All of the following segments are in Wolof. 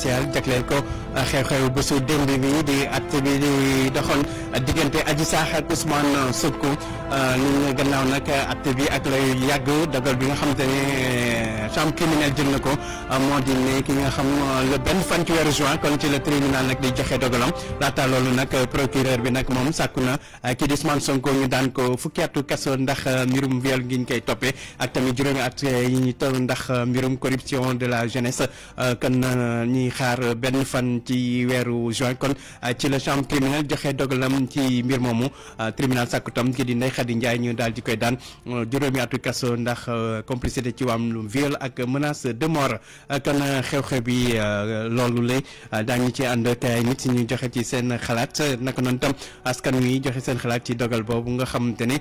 spécial jagleel ko ah, xew-xew bésu démb bi di at bi di doxoon diggante Adji Sarr ak Ousmane Sonko ah, ñu gannaaw nag at bi ak lay yàgg dogal bi nga xam ne eh, chambre criminelle jël na ko ah, moo di ne ki nga xam le benn fan ci weeru juin kon ci le tribunal nag di joxe dogalam laata loolu nag procureur bi nag moom sàkku na kii di Ousmane Sonko ñu daan ko fukki atu ndax mbirum viol ngi ñu koy ak tamit juróomi at eh, yi ñu ndax mbirum corruption de la jeunesse kan ñi ñuy xaar benn fan ci weeru juin kon ah, ci la chambre criminelle joxe dogalam ci mbir moomu ah, tribunal sàkku tam kii di Ndeye Khady Ndiaye ñu daal di koy daan ah, juróomi atu kaso ndax complicité ci wàllum viol ak menace de mort kon xew-xew bi loolu la daañu ci ànd tey nit ñu joxe ci seen xalaat naka noonu tam askan wi joxe seen xalaat ci dogal boobu nga xamante ne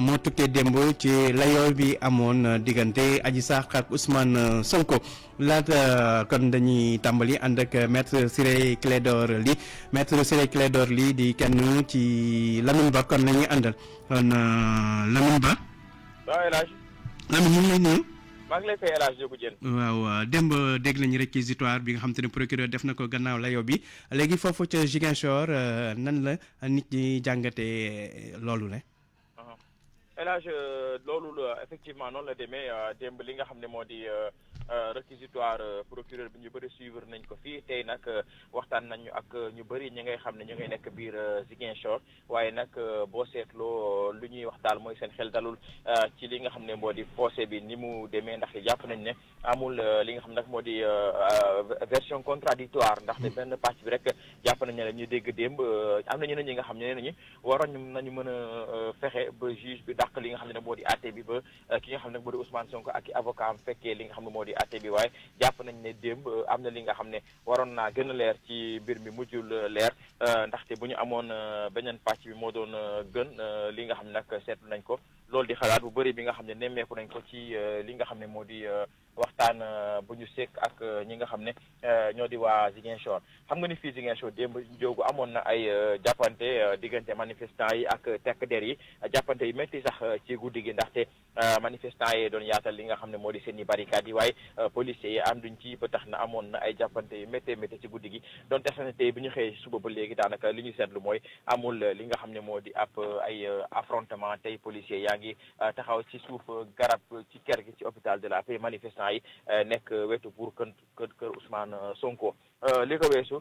moo tukkee démb ci layoo bi amoon diggante aji Sarr ak Ousmane Sonko laata kon dañuy tàmbali. Ly ànd ak maître Ciré Clédor Ly maître Ciré Clédor Ly di kenn ci Lamine Ba kon nañuy àndal kon euh, Lamine Ba. waaw El Hadj. Lamine ñu ngi lay nuyu. maa ngi lay fay El Hadj Diop waaw démb dégg nañu réquisitoire bi nga xam te ne procureur def na ko gannaaw la bi léegi foofu ca Ziguinchor euh, nan la nit ñi jàngatee euh, loolu ne. Uh-huh. El loolu la effectivement noonu la demee démb li nga xam ne moo di. Euh, réquisitoire euh, procureur bi ñu bëri suivre nañ ko fii tey nag euh, waxtaan nañu ak ñu bari ñi ngay xam ne ñu ngay nekk biir Ziguinchor waaye nag boo seetloo lu ñuy wax daal mooy seen xel dalul ci li nga xam ne moo di procès bi ni mu demee ndax jàpp nañ ne amul li nga xam nag moo di version contradictoire ndax de hmm. benn pàcc bi rek jàpp nañ ne la dégg démb am na ñeneen ñi nga xam ne ñi waroon nañu mën a fexe ba juge bi dàq li nga xam ne moo di bi ba ki nga xam ne moo di Ousmane Sonko ak i avocat am fekkee li nga xam ne moo di bi waaye jàpp nañ ne démb euh, am na li nga xam ne waroon naa gën a leer ci mbir mi mujjul euh, leer euh, ndaxte bu ñu amoon beneen pàcc bi moo doon gën li nga xam ne nag seetlu nañ ko loolu di xalaat bu bëri bi nga xam ne nemmeeku nañ ko ci li nga xam ne moo di waxtaan euh, bu ñu sekk ak euh, ñi nga xam ne euh, ñoo di waa Ziguinchor xam nga ni fii Ziguinchor démb njóogu amoon na ay jàppante diggante manifestant yi ak tekk der yi jàppante yu métti sax ci guddi gi ndaxte manifestant yi doon yaatal li nga xam ne moo di seen i barricades yi waaye policiers yi ànduñ ci ba tax na amoon na ay jàppante yu méttee métti ci guddi gi doon tax na tey bi ñu xëyee suba ba léegi daanaka li ñu seetlu mooy amul li nga xam ne moo di app ay affrontement tey policiers yaa ngi taxaw ci suuf garab ci kër gi ci hôpital de la Paix manifestant instant yi euh, nekk euh, wetu buur kën kër Ousmane euh, Sonko li ko weesu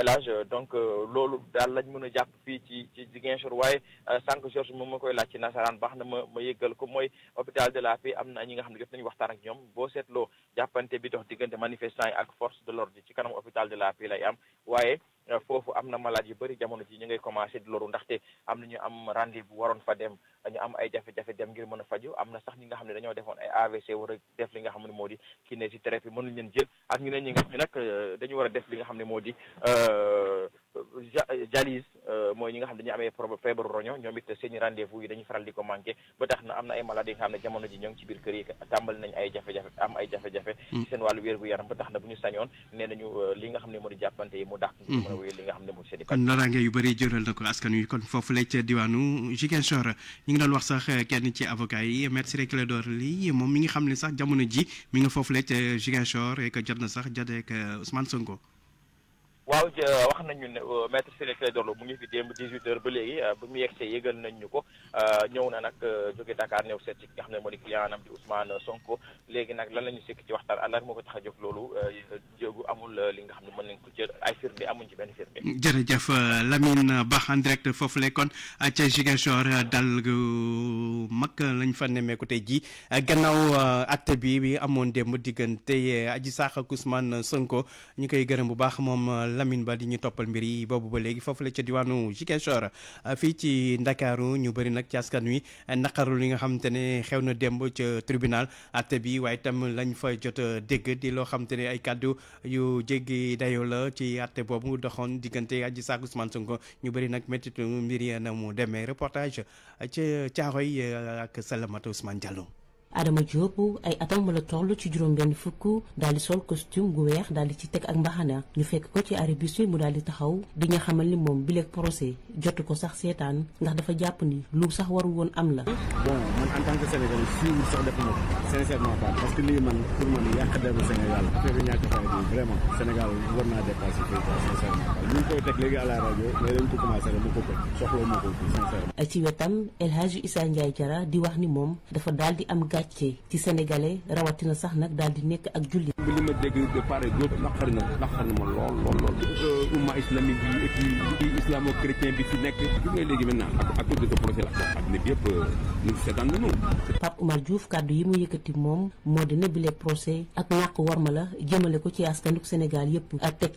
El Hadj donc loolu daal lañ mën a jàpp fii ci ci Ziguinchor waaye sànq Georges moom ma koy laaj ci nasaraan baax na ma ma yëggal ko mooy hôpital de la paix am na ñi nga xam ne jot nañu waxtaan ak ñoom boo seetloo jàppante bi dox diggante manifestant yi ak force de l'ordre ci kanam hôpital de la paix lay am waaye Eh, foofu am na malade yu bëri jamono ji ñu ngay commencé di loru ndaxte am na ñu am rendez-vous waroon fa dem ñu am ay jafe-jafe dem ngir mën faju am sax ñi nga xam dañoo defoon ay AVC war def li nga xam ne moo di kinésithérapie mënuñ jël ak ñu ne ñi nga xam ne eh, dañu def li nga jalis euh, mooy ñi nga xam dañuy amee problème feebaru roño ñoom it seen i rendez-vous yi dañuy faral di ko manqué ba tax na am na ay maladies yi nga xam ne jamono ji ñoo ngi biir kër yi tàmbali nañ ay jafe-jafe am ay jafe-jafe mm. ci seen wàllu na bu ñu sañoon nee nañu euh, nga xam ne moo di jàppante yi mu dàq ñu mën a mm. wéyal li nga xam ne moo di seen i kon narange yu bëri jëral na ko foofu la ca diwaanu Ziguinchor euh, kenn ci avocat yi maître Ciré Clédor Ly moom mi nga xam ne sax jamono ji mi nga foofu la ca Ziguinchor et que jot na sax jadeek Ousmane Sonko waaw wax nañu ne euh, maître Ciré Clédor Ly mu ngi fi démb 18h ba léegi euh, bu mu yegsee yëgal nañ ñu ko euh, ñëw na nag jóge Dakar ñëw seet ci ki nga xam ne moo di client am di Ousmane Sonko la ñu sekk ci waxtaan àllar moo ko tax a jóg loolu jéegu amul li nga xam ne mën nañ ko jël ay firnde amuñ ci benn firnde. jërëjëf Lamine Ba en direct foofu lay kon ca Ziguinchor dal gu mag lañ fa nemmeeku tey jii gannaaw acte bi bi amoon démb diggante aji Sarr ak Ousmane Sonko ñu koy gërëm bu baax moom. Lamine Ba di ñu toppal mbir yi boobu ba léegi foofu la ca diwaanu Ziguinchor ah, fii ci Ndakaaru ñu bëri nag ci askan wi naqaru li nga xamante ne xew na démb ca tribunal atte bi waaye itam lañ fa jot a dégg di loo xamante ne ay kàddu yu jéggi dayoo la ci atte boobu doxoon diggante Adji Sarr Ousmane Sonko ñu bëri nag méttitu mbir yi na mu demee reportage ca Caaroy ah, ak Salamata Ousmane Diallo. Adama Diop eh, ay atam la toll ci juróom benn fukk daal sol costume gu weex daal di ci teg ak mbaxana ñu fekk ko ci arrêt mu daal di taxaw di nga xamal ni moom bileeg procès jotu ko sax seetaan ndax dafa jàpp ni lu sax waru woon am la. bon man en tant que sénégalais suivre sax def na sincèrement pas parce que lii man pour man yàq deru Sénégal affaire bi ñàkk fay bi vraiment Sénégal war naa dépassé fii quoi sincèrement pas ñu koy teg léegi à la rajo mais lañ ko commencé rek mu ko ko soxla mu ko sincèrement. ci wetam El Hadj Issa Ndiaye Diarra di wax ni moom dafa daal di am gàcc gàcce ci sénégalais rawatina sax nak daal di nekk ak julli bi li dégg de part euh, umma islamique bi et puis islamo chrétien bi fi nekk gis nga léegi maintenant ak ak de projet la adduna bi yëpp euh, ñu seetaan nañu Pape Oumar Diouf kàddu yi mu yëkkati moom moo di ne procès ak warma la ko ci askanuk Sénégal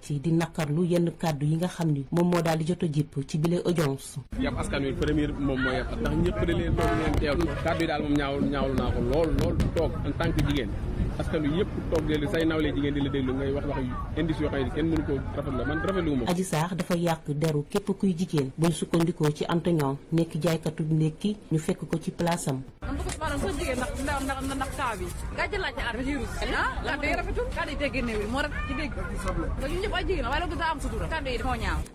ci di nakarlu yenn kàddu yi nga xam ni moom moo di audience yab askan wi premier moom mooy ndax ñëpp da leen doon leen teewlu kàddu ñaawul ñaawul ko lot, lot talk, and thank you again. askan wi yëpp toog dellu say nawle jigéen di dafa yàq deru képp kuy jigéen buñ sukkandikoo ci Antoignon nekk jaaykatu ñu fekk ko ci place eh, ah, am maanaam bi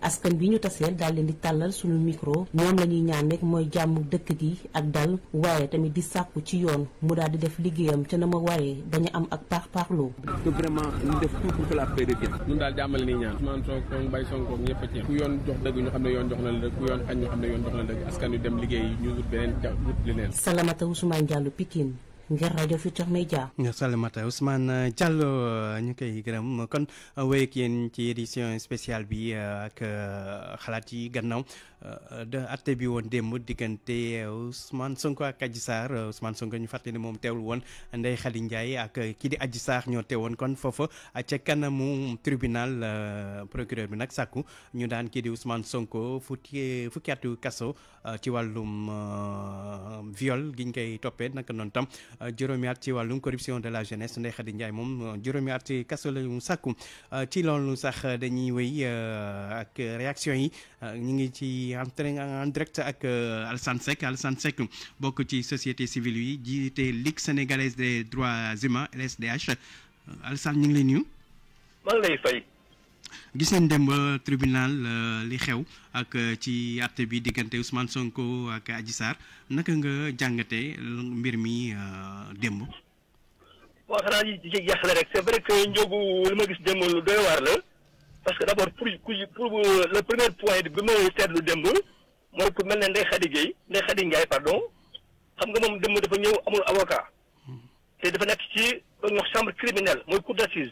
askan bi ñu taseel daal leen di tàllal suñu micro ñoom la ñuy ñaan rek mooy jàmm dëkk gi ak dal waaye tamit di sàkku ci yoon mu daal di def liggéeyam ca na ma waree baña am ak paax paaxloo. que vraiment ñu def tout daal jàmmale nii ñaan. Ousmane Sonko ak Mbaye Sonko ñëpp a ci ku yoon jox dëgg ñu xam ne yoon jox na la dëgg ku yoon xañ ñu xam ne yoon jox na la dëgg askan wi dem liggéey ñu wut beneen ja wut leneen. Salamata Ousmane Diallo Pikine. ngir radio futur media salamata ousmane diallo ñu koy gërëm kon wéy ak yéen ci édition spéciale bi ak xalaat yi gannaaw de atte bi woon démb diggante ousmane sonko ak aji sar ousmane sonko ñu fàttali ne moom teewul woon ndey xali ndiaye ak ki di aji sar ñoo teewoon kon foofa ca kanamu tribunal procureur bi nag sàkku ñu daan kii di ousmane sonko fukki fukki atu kaso ci wàllum viol giñ koy toppee naka noonu tam Euh, Jérôme at corruption de la jeunesse ndey Khady Ndiaye moom euh, juróomi at ci la euh, ci loolu sax dañuy ak réaction yi ñi ngi ci en direct ak Alassane Seck Alassane Seck beaucoup ci société civile yi jiite Ligue sénégalaise des droits humains LSDH Alassane ñu ngi lay lay fay. gis nañ dem ba tribunal euh, li xew ak euh, ci àtte bi diggante Ousmane Sonko ak Adji Sarr naka nga jàngatee mbir mi euh, démb. waaw xanaa li ci jaaxle rek c'est vrai que njóobu li ma gis démb lu doy waar la parce que d'abord pour pour le premier point bi ma seetlu démb mooy ku mel ne Ndeye Khady Gueye Ndeye Khady Ndiaye pardon xam nga moom démb dafa ñëw amul avocat hmm. te dafa nekk ci ñox chambre criminelle mooy cour d'assises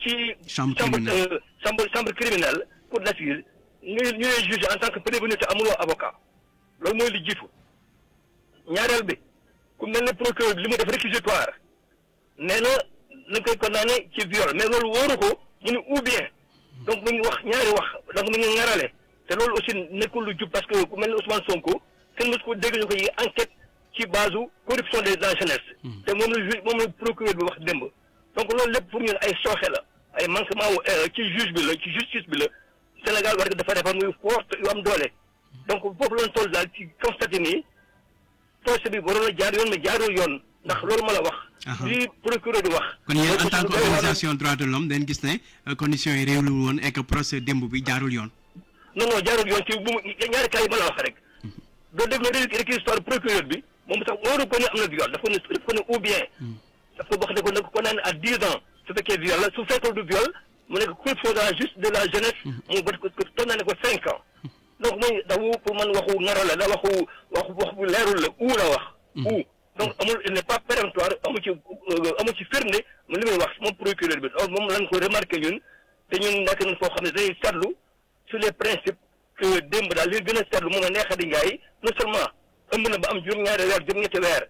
ci chambre chambre criminelle euh, cour d'assises ñu ñu lay jugé en tant que prévenu te amuloo avocat loolu mooy li jiitu ñaareel bi ku mel ne procureur li mu def réquisitoire nee na nañ koy condamné ci viol mais loolu wóoru ko mu ne ou bien donc mu ngi wax ñaari wax donc mu ngi ñarale te loolu aussi nekkul lu jub parce que ku mel ne Ousmane Sonko kenn mos ko dégg ñu yi enquête ci base corruption des agents jeunesse. Hmm. te moom la juge moom la procureur bi wax démb donc loolu lépp pour ñun ay sooxe la ay manquement euh, ci juge bi la ci justice bi la Sénégal war dafa defar muy forte yu am doole donc foofu loon ñu toll daal ci constaté ni procès bi waroon a jaar yoon mais jaarul yoon ndax loolu ma la wax. li procureur di wax. kon yéen en tant que organisation droit de l'homme dañ gis ne euh, conditions yi réewlu woon et que procès démb bi jaarul yoon. non non jaarul yoon ci bu ñaari cas yi ma la wax rek. Mhm. doo déglu réquisitoire procureur bi moom sax waru ko ne am na viol daf ne ne ou bien. Mhm. dafa wax ne ko nag ko naan à dix ans su fekkee viol la su fekkul du viol mu nekk faudra juste de la jeunesse. Mhm. mu bët ko toog na ne ko cinq ans. donc mooy dafa pour man waxu ngaro la da waxu waxu wax bu leerul la ou la wax. Mhm. ou donc amul il n'est pas péremptoire amul ci euh, amul ci firnde li muy wax moom procureur bi loolu oh, moom lañ ko remarqué ñun te ñun nekk nañ foo xam ne dañuy seetlu sur les principes que démb daal li gën a seetlu moom la neex a di ngaay non seulement ëmb na ba am juróom-ñaari weer juróom-ñetti weer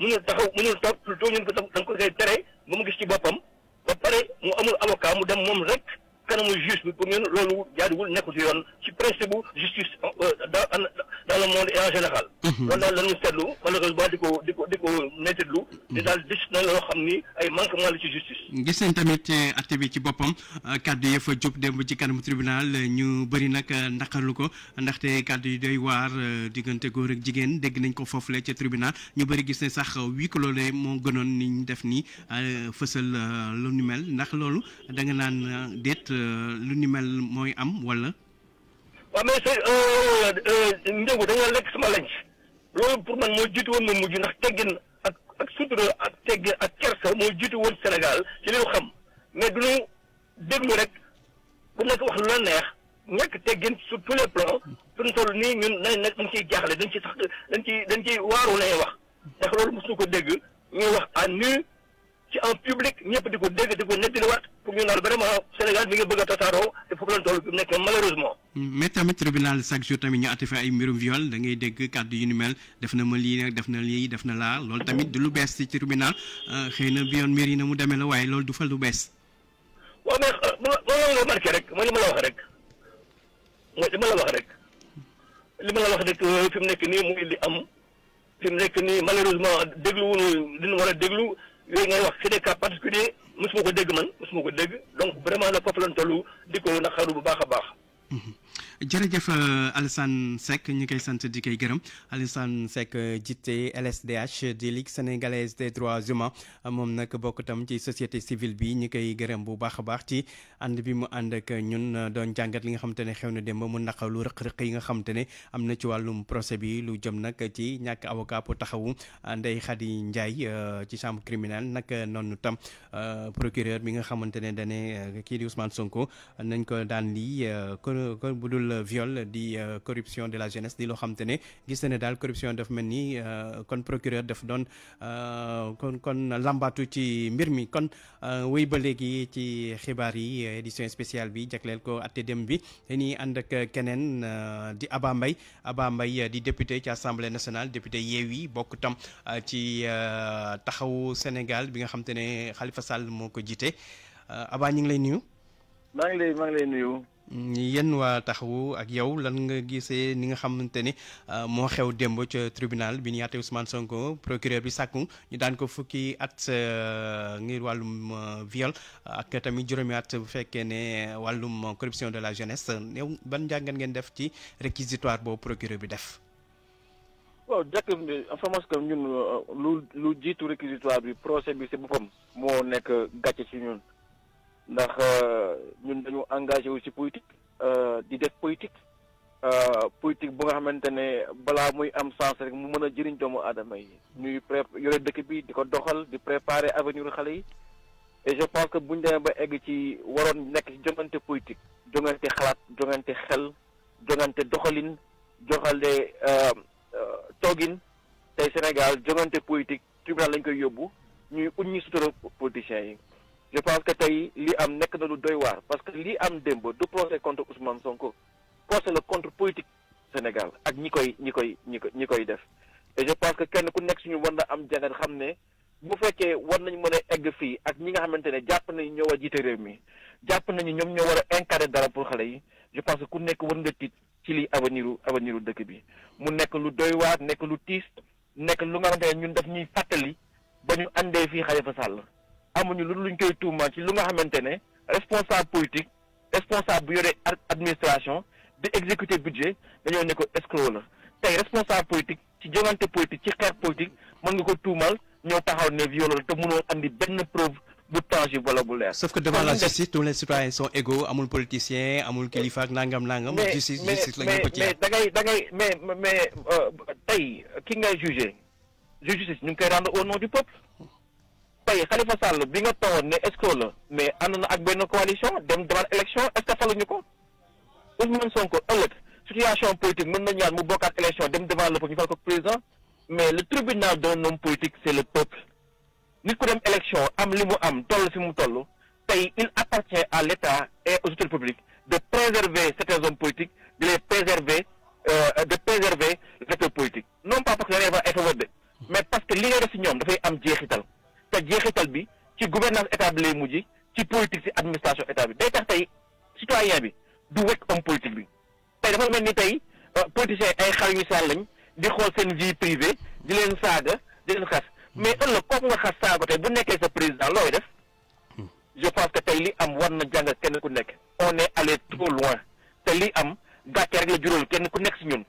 mënul taxaw mënul toog plutôt ñun ko da nga ko koy tere ba mu gis ci boppam. ba pare mu amul avocat mu dem moom rek kanamu juge bi pour ñun loolu jaaduwul nekkul ci yoon ci principe bu justice euh, dans dans le monde et en général. Mhm. loolu daal la ñuy seetlu malheureusement di ko di ko di ko méttitlu. Mhm. di daal gis na loo xam ni ay manquement la ci justice. gis nañ tamit euh, atte bi ci boppam euh, kàddu yi fa jub démb ci kanamu tribunal ñu bëri nag naqarlu ko ndaxte kàddu yi doy waar diggante góor ak jigéen dégg nañ ko foofule ca tribunal ñu bëri gis ne sax wii ko loolee moo gënoon ni ñu def ni fësal lu nu mel ndax loolu da nga naan déet. Euh, lu ni mel mooy am wala. waaw mais c'est euh, euh, njëgu dañoo lekk sama lañ loolu pour man moo jiitu woon ma mujj ndax teggin ak ak ak teggin ak kersa moo jiitu woon Sénégal ci li ñu xam mais du ñu déglu rek ku nekk wax lu la neex ñàkk teggin sur tous les plans suñu toll nii ñun dañ nekk dañ ciy jaaxle dañ ciy dañ ciy dañ ciy waaru lay wax ndax loolu mosuñu ko dégg ñuy wax à nu. ci en public ñëpp di ko dégg di ko nettaliwaat pour ñu naan vraiment Sénégal mi ngi bëgg a tasaaroo te foofu la nekk malheureusement. mais tamit tribunal chaque jour tamit ñu atté fi ay mbirum viol da ngay dégg kàddu yu ni mel def na ma lii nag def na lii def na laa loolu tamit du lu bees ci tribunal euh, xëy na bi yoon mbir yi na mu demee la waaye loolu du fa lu bees. waaw mais euh, loolu nga marqué rek mooy li ma la wax rek mooy li ma la wax rek li ma la wax rek euh, fi nekk nii muy li am fi nekk nii malheureusement déglu wuñu dina war déglu. yooyu ngay wax CDK particulier suma ko dégg man suma ko dégg donc vraiment nag foofu lañ lu di ko naqaru bu baax a baax. Mhm. jërëjëf euh, Alassane Seck ñu koy sant di koy gërëm Alassane ci euh, jiite LSDH di Ligue sénégalaise des droits humains moom nag bokk tam ci société civile bi ñu koy gërëm bu baax a baax ci ànd bi mu ànd ak ñun euh, doon jàngat li nga xamante ne xew na dem ba mu lu rëq-rëq yi nga xamante ne am na ci wàllum procès bi lu jëm nag ci ñàkk avocat pour taxawu Ndeye Khady Ndiaye ci chambre criminelle nag noonu tam procureur bi nga xamante ne dane kii di Ousmane Sonko nañ ko daan lii le viol di euh, corruption de la jeunesse di lo xam te gis corruption de melni euh, kon procureur daf jeunesse, kon kon lambatu ci mbir kon euh, ci spéciale bi corruption ko dem bi di di député ci assemblée nationale député yewi de ci taxawu Sénégal bi nga Khalifa Sall Aba lay yenn waa taxawu ak yow lan nga gisee ni nga xamante ni euh, moo xew démb ca tribunal bi ñu àtte Ousmane Sonko procureur bi sàkku ñu daan ko fukki at euh, ngir wàllum euh, viol ak tamit juróomi at bu fekkee ne wàllum corruption de la jeunesse new ban njàngat ngeen def ci réquisitoire boobu procureur bi def. waaw jàkk information que ñun lu lu jiitu réquisitoire bi procès bi si boppam moo nekk gàcce ci ñun. ndax euh, ñun dañu engagé wu ci politique euh, di def politique euh, politique bu nga xamante ne balaa muy am sens rek mu mën a jëriñ doomu aadama yi ñuy pré yore dëkk bi di ko doxal di préparer avenir xale yi et je pense que bu ñu demee ba egg ci waroon nekk ci jongante politique jongante xalaat jongante xel jongante doxalin joxale toogin tey Sénégal jongante politique tribunal lañ koy yóbbu ñuy uñ ñi sutura yi sauf que devant la justice tous les citoyens sont égaux amul politicien amul kilifa ak nangam nangam. justice justice la justice. ko mais mais da euh, ngay da mais mais qui qui ngay jugé justice Nous ngi rendons au nom du peuple. tey Khalifa Sall bi nga tawoon ne escroc mais ànd avec ak coalition dem devant l'élection, est ce que faluñu ko Ousmane Sonko ëllëg situation politique mën na ñaan mu bokkaat élection dem devant le peuple ñu fal ko mais le tribunal d'un homme politique c'est le peuple Nous avons dem élection am li mu am toll fi mu toll tey il appartient à l'État et aux autorités publiques de préserver certains hommes politiques de les préserver euh, de préserver l'acteur politique non pas parce que da ngay fa favori mais parce que les nga de si un digital. am digital qui jeexital bi ci gouvernance état bi lay mujj ci politique administration état bi day tax tey citoyen bi du wekk homme politique bi exemple, dafa mel ni tey euh, politiciens ay xar yu saal lañ di xool vie privée di leen saaga di leen xas mais ëllëg kooku nga xas saago tey bu nekkee sa président looy def je pense que tey am war na jàngal kenn ku nek on est allé trop loin te li am gàcce rek la jural kenn ku nek ci ñun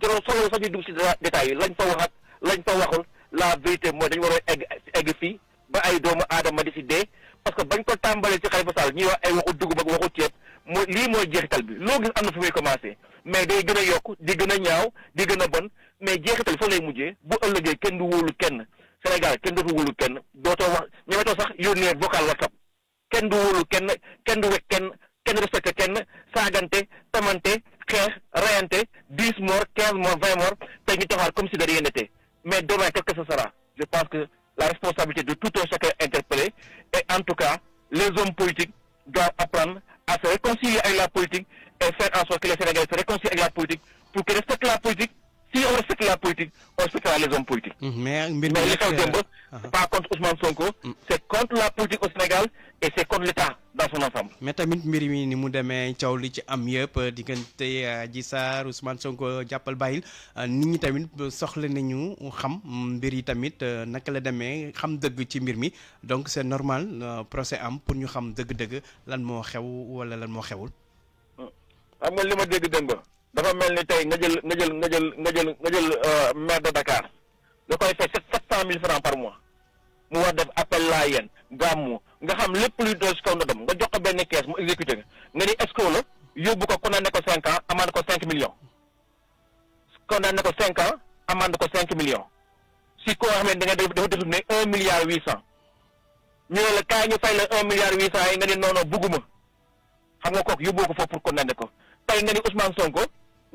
jural solo sax ñu dugg si détails lañ fa wax lañ fa waxul la vérité mooy dañ war egg egg fi ba ay doomu aadama di ci dé parce que bañ ko tambalé ci Khalifa Sall ñi wax ay waxu dugub ak waxu ceeb mooy lii mooy jeexital bi lo gis am na fu muy commencé mais day gëna yok di gëna ñaaw di gëna bon mais jeexital fa lay mujjé bu ëllëgee kenn du wolu kenn Sénégal kenn dootu wolu kenn doto wax ñëwetoo sax yone vocal WhatsApp kenn du wóolu kenn kenn du wekk kenn kenn respecté kenn saagante tamante morts 15 morts 20 morts te ñu comme si de rien n'était mais demain quel que ce sera je pense que la responsabilité de tout un chacun interpellé et en tout cas les hommes politiques doivent apprendre à se réconcilier avec la politique et faire en sorte que les Sénégalais se réconcilient avec la politique pour qu'ils respectent la politique si on respecte la politique, on respectera les hommes politiques. Mm, mais, mais, mais l'État Dembo, uh pas contre Ousmane Sonko, mm. c'est contre la politique au Sénégal et c'est contre l'État dans son ensemble. Mais tamit mbir mi ni mu démé coow li ci am yépp euh, diggante euh, Adji Ousmane Sonko jàppal bayil euh, nit ñi tamit soxla nañu xam mbir tamit naka la demee xam dëgg ci mbir mi donc c'est normal procès am pour ñu xam dëgg-dëgg lan mo xew wala lan mo xewul. xam nga li Demba dafa mel ni tey nga nga euh, maire de Dakar koy francs par mois mu war def appel laa gàmmu nga xam lépp luy doon si kaw nga jox ko mu exécuté nga ni millions condamné cinq millions si ko xam da nga def dafa milliard huit cent ñu ne ñu fay un milliard huit nga ni xam nga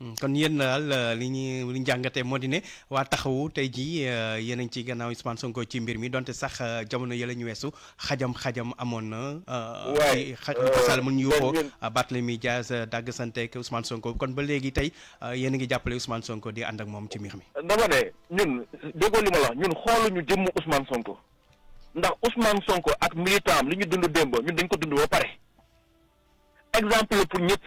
Mm, kon yéen daal euh, li ñu li jàngatee moo di ne waa taxawu tey jii euh, yéen a ci gannaaw Ousmane Sonko ci mbir mi donte sax euh, jamono yële ñu weesu xajam xajam amoon na. waay xajal mu ñu yuuxoo Barthélémy Dias dagg santeeg Ousmane Sonko kon ba léegi tey yéen a ngi jàppale Ousmane Sonko di ànd ak moom ci mbir mi. dama ne ñun déggoo li ma la ñun ñu jëmm Ousmane Sonko ndax Ousmane Sonko ak militant li ñu dund démb ñun dañ ko dund ba pare exemple pour ñëpp.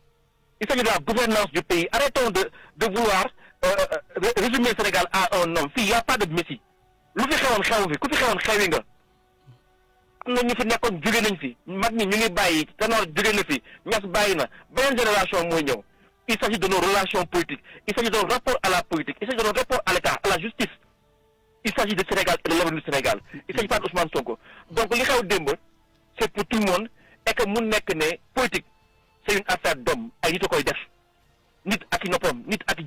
il s'agit de la gouvernance du pays. Arrêtons de, de vouloir euh, euh résumer le Sénégal à un homme. Fii, il n'y a pas de messie. lu fi xewoon vous fi ku fi xewoon xewi nga am na ñu fi nekkoon jóge nañ fi mag ñi ñu ngi bàyyi Tanor jóge na fi Niass bàyyi na génération mooy il s'agit de nos relations politiques il s'agit de nos rapports à la politique il s'agit de nos rapports à l'État à la justice il s'agit de Sénégal et de l'avenir du Sénégal il s'agit pas d'Ousmane Sonko donc li xew démb c'est pour tout le monde et que mu nekk ne politique Serigne Assane Dom ay nit a koy def nit ak i noppam nit ak i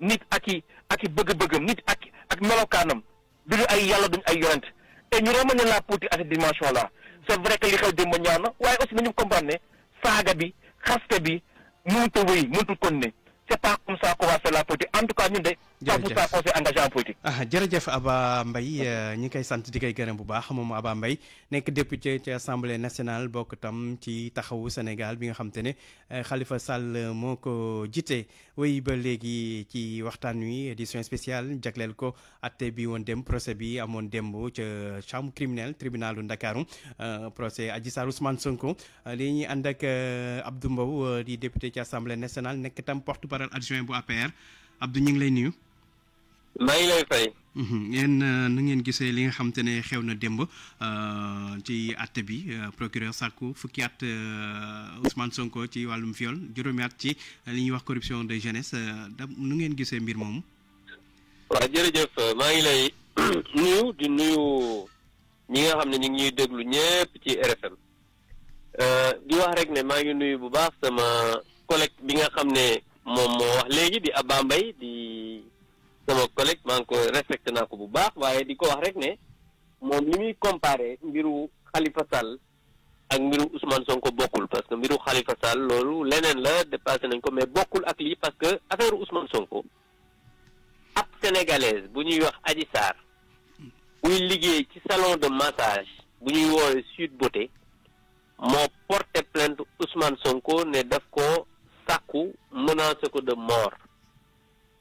nit ak i ak i bëgg-bëggam nit ak ak melokaanam duñu ay yàlla duñu ay yonent et ñu remonter la politique à cette dimension là c' est vrai que li xew démb ñaaw na waaye aussi nañu comprendre ne saaga bi xaste bi mënut a wéy mënut a continuer c' est pas comme ça qu'on va faire la politique en tout cas ñun de. jërëjëf Pape mbay engagé en politique. Ah, euh, ñi koy sant di koy gërëm bu baax moom Aba mbay nekk député ci assemblée nationale bokk tam ci taxawu Sénégal bi nga xam te ne euh, Khalifa Sall moo ko jiite. wéy ba léegi ci waxtaan wi édition spéciale jagleel ko atte bi woon dem procès bi amoon démb ca chambre criminelle tribunalu Ndakaaru euh, procès Adji Sarr Ousmane Sonko li ñuy ànd ak Abdou Mbow di député ca assemblée nationale nekk tam porte-parole adjoint bu APR Abdou ñu ngi lay nuyu. maa ngi lay fay. ngeen mhm. euh, na ngeen gisee li nga xam te ne xew na démb euh, ci àtte bi euh, procureur sàkku fukki at Ousmane Sonko ci wàllum viol juróomi at ci li ñuy wax corruption de jeunesse da nu ngeen gisee mbir moomu. waaw jërëjëf maa ngi lay nuyu di nuyu ñi nga xam ne ñu ngi ñuy déglu ñëpp ci RFM di wax rek ne maa ngi nuyu bu baax sama collègue bi nga xam ne moom moo wax léegi di ab Mbaye di. sama collègue maa ngi ko respecté naa ko bu baax waaye di ko wax rek ne moom li muy comparé mbiru Khalifa Sall ak mbiru Ousmane Sonko bokkul parce que mbiru Khalifa Sall loolu leneen la dépassé nañ ko mais bokkul ak lii parce que affaire Ousmane Sonko ab sénégalaise bu ñuy wax Adji Sarr buy liggéey ci salon de massage bu ñuy woowee Sud Beauté moo porté plainte Ousmane Sonko ne daf ko sàkku menacé ko de mort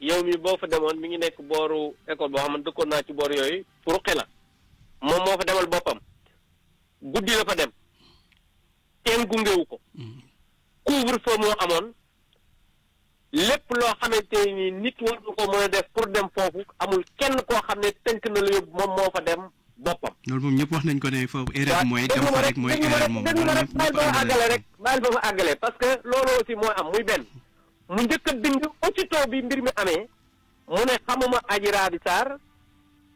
yow mi boo fa demoon mi ngi nekk booru école boo xam ne dëkkoon naa ci boor yooyu ruqi la moom moo fa demal boppam guddi la fa dem kenn gungewu ko couvre feu moo amoon lépp loo xamante ni nit war na ko mën a def pour dem foofu amul kenn koo xam ne tënk na la yóbbu moom moo fa dem boppam loolu moom ñëpp wax nañ ko ne foofu erreur mooy dem fa rek mooy erreur moom dégg ma rek baal ba ma àggale rek baal ba ma àggale parce que loolu aussi mooy am muy benn mu njëkk a bind aussitôt bi mbir mi amee mu ne xamuma Adji Raby Sarr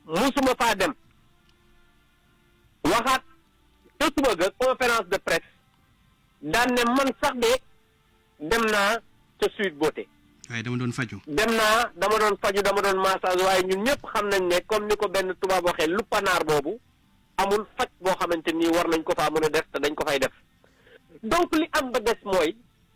musuma faa dem waxaat te suba ga conférence de presse daan ne man sax de dem naa ca Sweet Beauté waaye dama doon faju dem naa dama doon faju dama doon massage waaye ñun ñëpp xam nañ ne comme ni ko benn tubaab waxee lu panaar boobu amul faj boo xamante nii war nañ ko faa mën a def te dañ ko fay def donc li am ba des mooy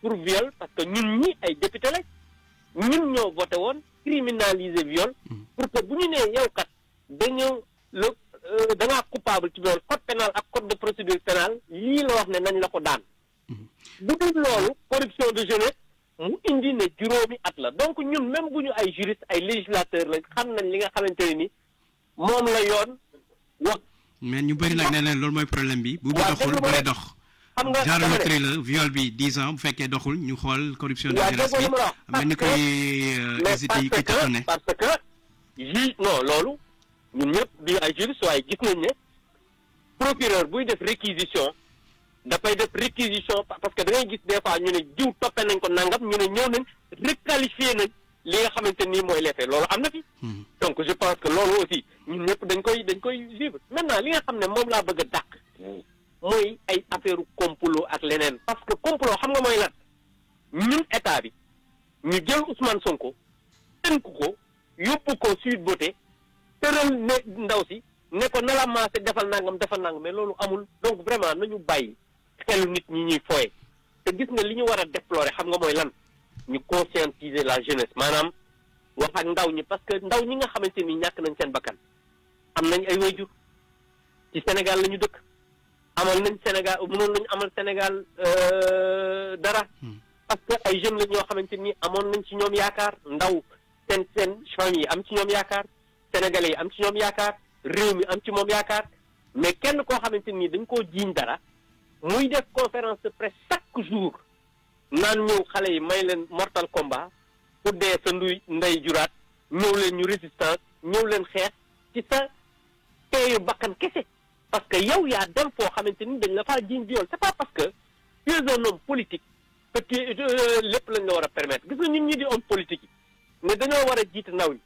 pour viol parce que ñun ñi ay député la ñun ñoo voté woon criminaliser viol hmm. pour que bu ñu nee yow kat dañoo le euh, da nga coupable ci viol code pénal ak code de procédure pénale lii la wax ne nañ la ko daan hmm. bu dul loolu corruption de jeunesse mu indi ne juróomi at la donc ñun même bu ñu ay juriste ay législateur lañ xam nañ li nga xamante ne ni moom la yoon wax mais ñu bëri nag nee na loolu mooy problème bi bu bu doxul bëri dox xam nga genre la viol bi 10 ans bu fekkee doxul ñu xool corruption de jeunesse bi mel ni koy euh, hésité yi koy tatonné parce que yi non loolu ñun ñëpp di ay juriste waaye gis nañ ne procureur buy def réquisition dafay def réquisition parce que da ngay gis des fois ñu ne jiw toppee nañ ko nangam ñu ne ñëw nañ requalifié nañ li nga xamante nii mooy les faits loolu am na fi hmm. donc je pense que loolu aussi ñun ñëpp dañ koy dañ koy vivre maintenant li nga xam ne moom laa bëgg a dàq mooy ay affaire complot ak leneen parce que complot xam nga mooy lan ñun état bi ñu jël Ousmane Sonko tënk ko yóbbu ko Sweet Beauté tëral ne ndaw si ne ko na la maase defal nangam defal nangam mais loolu amul donc vraiment nañu bàyyi xelu nit ñi ñuy fooye te gis nga li ñu war a déplorer xam nga mooy lan ñu conscientiser la jeunesse maanaam wax ak ndaw ñi parce que ndaw ñi nga xamante ni ñàkk nañ seen bakkan am nañ ay wayjur ci Sénégal la ñu dëkk amal nañ Sénégal mënoon lañu amal Sénégal euh, dara. Hmm. parce que ay jeunes lañ ñoo xamante ni amoon nañ ci ñoom yaakaar ndaw seen seen famille yi am ci ñoom yaakaar sénégalais yi am ci ñoom yaakaar réew mi am ci moom yaakaar mais kenn koo xamante nii dañ koo jiiñ dara muy def conférence de presse chaque jour naan ñëw xale yi may leen mortal combat ku dee sa nduy ndey juraat ñëw leen ñu résistance ñëw leen xeex ci sa teeyu bakkan kese. parce que yow yaa dem foo xamante ni dañ la faa ji viol c'est pas parce que tu es un homme politique que euh, lépp lañ la war a permettre gis nga ñun ñi di homme politique yi ne dañoo war a jiite ndaw ñi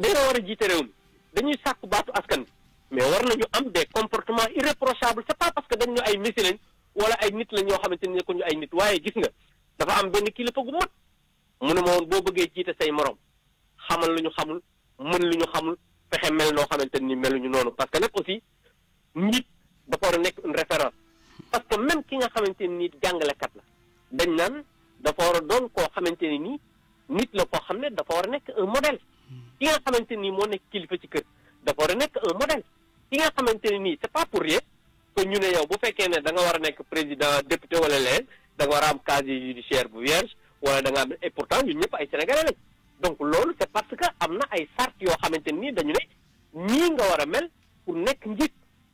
dañoo war a jiite réew mi dañuy sàkku baatu askan mais war na ñu am des comportement irréprochables c'est pas parce que dañu ay messi lañ wala ay nit lañ ñoo xamante ni ñu ay nit waaye gis nga dafa am benn kilifa gu mat mu ne ma woon boo bëggee jiite say morom xamal lu ñu xamul mën lu ñu xamul fexe mel noo xamante ni meluñu noonu parce que nag aussi njiit dafa war a nekk une référence parce que même ki nga xamante ne nii jàngalekat la dañ naan dafa war a doon koo xamante ne nii nit la koo xam ne dafa war a nekk un modèle ki nga xamante nii moo nekk kilifa ci kër dafa war a ki nga xamante ne nii c'est pas pour rien que ñu ne yow bu fekkee ne da nga war a nekk président député wala leen da nga war a am casier judiciaire bu vierge wala da nga am et pourtant ñun ñëpp ay sénégalais lañ donc loolu c'est parce que am na ay sart yoo xamante nii dañu ne ñii nga war a mel pour nekk njiit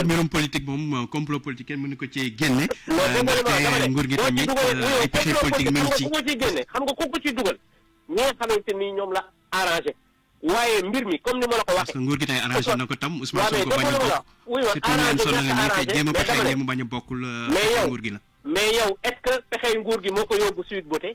kat mbirum politique moom euh, complot politique kenn mënu ko cee génne. Euh, ndaxte nguur gi tamit euh, ay péché politique même ci. xam nga ku ko ci dugal ñi nga xamante ni ñoom la arrangé waaye mbir mi comme ni ma ko waxee. parce que nguur gi tey arrangé na ko tam Ousmane bañ a bokk. oui waaw arrangé na ko arrangé mais dama ne surtout ñoom sonal nañu jéem a pexe jéem a bañ a bokkul. nguur gi la mais yow mais yow nguur gi moo ko yóbbu suite beauté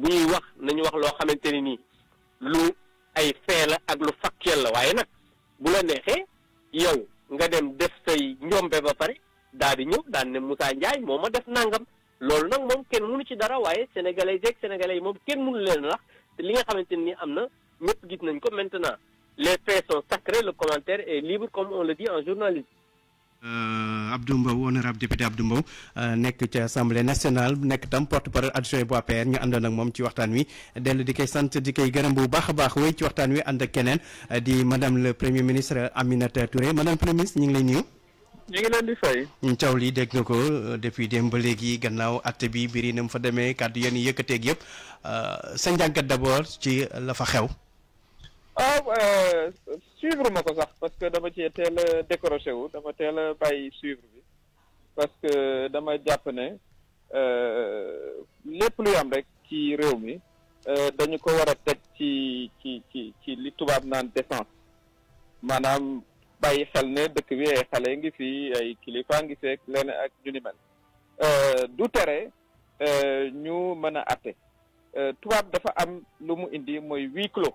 bu ñuy wax nañu wax loo xamante ni lu ay fee ak lu factuel la waaye nag bu la neexee yow nga dem def say njombe ba pare daal di ñëw daan ne Moussa Ndiaye moo ma def nangam loolu nag moom kenn munu ci dara waaye sénégalais yeeg sénégalais yi moom kenn mënu leen lax te li nga xamante ni am na ñëpp gis nañ ko maintenant les faits sont sacrés le commentaire est libre comme on le dit en journalisme Eh, Abdou Mbow honorable député Abdou Mbow eh, nekk ci assemblée nationale nekk tam porte parole adjoint bu APR ñu àndoon ak moom ci waxtaan wi dellu di koy sant gërëm bu baax baax ci wi ak eh, di madame le premier ministre Aminata Touré madame premier ministre ñu ngi lay nuyu. ñu ngi di fay. Thiaw mm, li dégg nga depuis démb ba léegi gannaaw atte bi biri sa ci la fa xew. ah suivre ma ko sax parce que dama cee teel décroché wu dama teel bay suivre bi parce que dama jàpp ne euh, lepp lu am rek ci réew mi euh, dañu ko wara a ci ci ci ci li tubaab naan défense manam bàyyi xel ne dëkk bi ay xale ngi fi ay kilifa ngi feek leen ak ñu ni mel euh, du euh ñu mëna a euh tubaab dafa am lu mu indi moy huis clos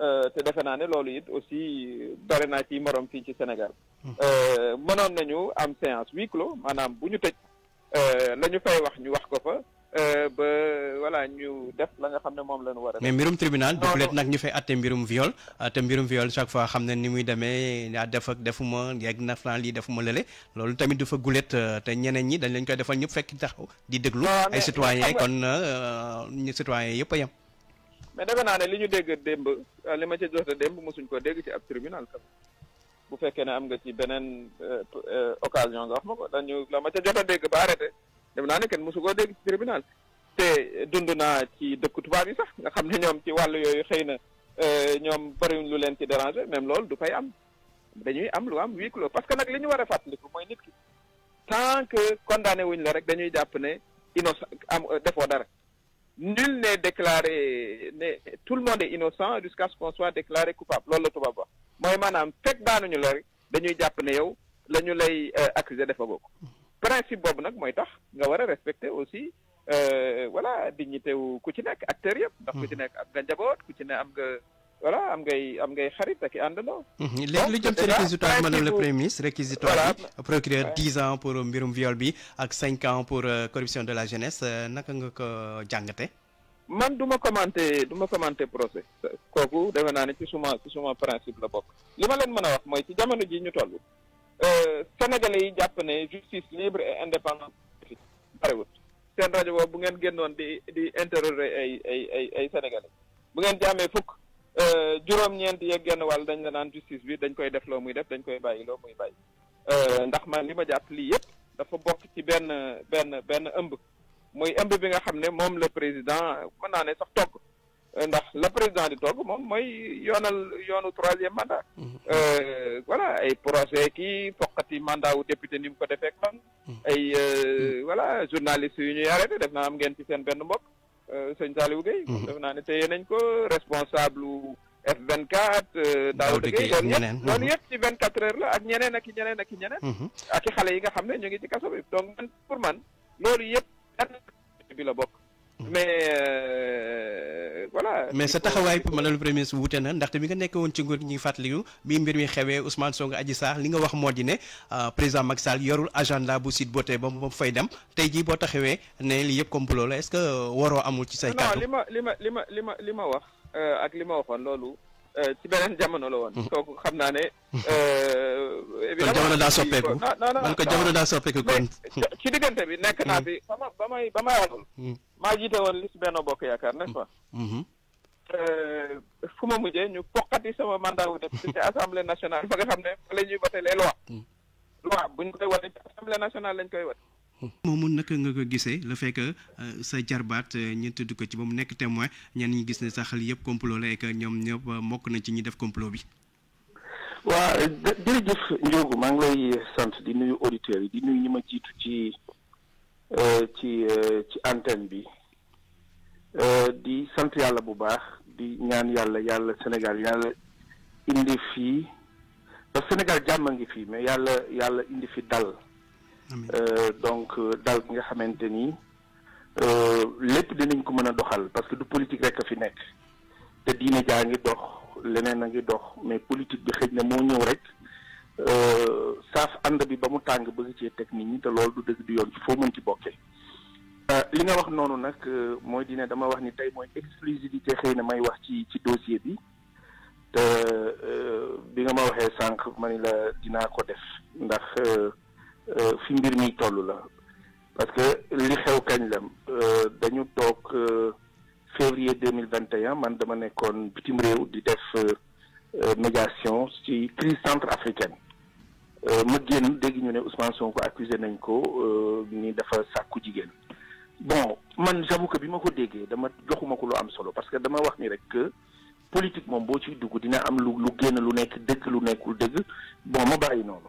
Euh, te defe naa ne loolu it aussi bare naa ci moroom fii ci Sénégal. Hmm. Euh, mënoon nañu am séance huis clos maanaam bu ñu tëj euh, la ñu fay wax ñu wax ko fa ba voilà ñu def la nga xam ne moom la ñu war a. mais mbirum tribunal daf leen nag ñu fay atte mbirum viol te mbirum viol chaque fois xam ne ni muy demee yaa def defuma yegg na flan lii defuma lële loolu tamit du fa gulet te ñeneen ñi dañ leen koy defal ñëpp fekk taxaw di déglu. ay citoyens kon ñu citoyens yëpp a mais defe naa ne li ñu dégg démb euh, li ma ca jot a démb mosuñ ko dégg ci ab tribunal kam bu fekkee ne am nga ci beneen euh, euh, occasion nga wax ma ko dañu la ma ca jot a dégg ba arrêté dem naa ne kenn mosu koo dégg ci tribunal te dund naa ci dëkku tubaab yi sax nga xam ne ñoom ci wàll yooyu xëy na ñoom bariwuñ lu leen ci déranger même loolu du fay am dañuy am lu am huis clos parce que nag li ñu war a fàttaliku mooy nit ki tant que condamné wuñ la rek dañuy jàpp ne innocent am defoo dara nul n'est déclaré tout le monde est innocent jusqu'à ce qu'on soit déclaré coupable loolu la tubaab wax mooy maanaam fekk daanuñu la le dañuy jàpp ne yow la ñu lay euh, accuser dafa bokk principe boobu nag mooy tax nga respecter aussi euh, voilà dignité ou ku ci acteur yëpp ndax ku ci nekk am ku ci am voilà am ngay am ngay xarit ak i àndandoo. Mhm. léegi lu jëm ci réquisitoire madame le premier ministre réquisitoire procureur 10 ans pour mbirum viol bi ak 5 ans pour euh, corruption de la jeunesse euh, naka nga ko jàngate man duma commenter duma commenter procès kooku defe na ni ci suma ci suma principe la bok lima len leen wax moy ci jamono ji ñu tollu euh sénégalais yi japp né justice libre et indépendante barewut seen rajo boobu bu ngeen génnoon di di interroger ay ay ay sénégalais bu ngeen jaamee fukk euh, juróom-ñeent yeeg genn wàll dañ la naan justice bi dañ koy def loo muy def dañ koy bàyyi loo muy bàyyi euh, ndax man li ma jàpp lii yëpp dafa bokk ci benn benn benn ëmb muy ëmb bi nga xam ne moom la président mën naa ne sax togg euh, ndax le président di togg moom mooy yoonal yoonu troisième mandat mhm. voilà ay procès kii foqati mandat wu député ni mu ko defee ak man mhm. ay mhm. voilà journaliste yu ñuy arrêté def naa am ngeen ci seen benn mbokk sëñ Saliou Gueye. Mhm. def naa ne téye nañ ko responsable F24. Euh, Daouda Gueye doon ñëpp doon ñëpp ci 24 heures la ak ñeneen ak i ñeneen ak i ñeneen. Mhm. ak i xale yi nga xam ne ñu ngi ci kaso bi donc man pour man loolu yëpp bi la bokk. mais euh, voilà. mais sa taxawaay madame lu premier ministre wutee na ndaxte bi nga nekkee woon ci nguur ñi fàttaliku bi mbir mi xewee Ousmane Sonko aji Sarr li nga wax moo di ne euh, président Macky Sall yorul agenda bu site bootee ba mu fay dem tey jii boo taxawee ne li yëpp complot la est-ce que waroo amul ci say. kàddu non li ma li ma li ma li ma li ma wax euh, ak li ma waxoon loolu. Euh, ci beneen jamono la woon. Hmm. kooku xam naa ne. Hmm. Euh, kon jamono daa soppeeku. non non ko jamono daa soppeeku kon. ci diggante bi nekk naa hmm. fi. ba ma ba may ba may waxul. maa jiite woon liste Benno Bokk Yaakaar n'est-ce pas. Euh, fu ma mujjee ñu poqati sama mandat wu député ci assemblée nationale fa nga xam ne fa la ñuy voté les loi bu ñu koy wote ci assemblée nationale lañ koy wote. moomun naka nga ko gisee le fait que euh, sa jarbaat euh, ñu tudd ko ci ba mu nekk témoin ñenn ñi gis ne sax li yëpp complot la et que ñoom ñëpp euh, mokk nañ ci ñu def complot bi waa jërëjëf Ndiogou maa ngi lay sant di nuyu auditeurs yi di nuyu ñi jiitu ci ci ci antenne bi di sant yàlla bu baax di ñaan yàlla yàlla Sénégal yàlla indi fii parce Sénégal jàmm a ngi fii mais yàlla yàlla indi fi dal Euh, donc euh, dal bi nga xamante ni euh, lépp dinañ ko mën a doxal parce que du politique rek a fi nekk te diine jaa ngi dox leneen a ngi dox mais politique bi xëj na moo ñëw rek saaf ànd bi ba mu tàng bëgg cee teg nit te loolu du dëgg du yoon ci foo mën ci bokkee. li nga wax noonu nag mooy dina dama wax ni tey mooy exclusivité xëy na may wax ci ci dossier bi te bi nga ma waxee sànq ma ni la dinaa ko def ndax. Euh, fi mbir mi tollu la parce que li xew kañ la euh, dañu toog euh, février 2021 man dama nekkoon bitim réew di def médiation ci crise centrafricaine ma génn dégg ñu ne Ousmane Sonko accusé nañ ko ni dafa sàkku jigéen bon man j'avoue que bi ma ko déggee dama joxuma ko lu am solo parce que dama wax ni rek que politique moom boo ciy dugg dina am lu lu génn lu nekk dëgg lu nekkul dëgg bon ma bàyyi noonu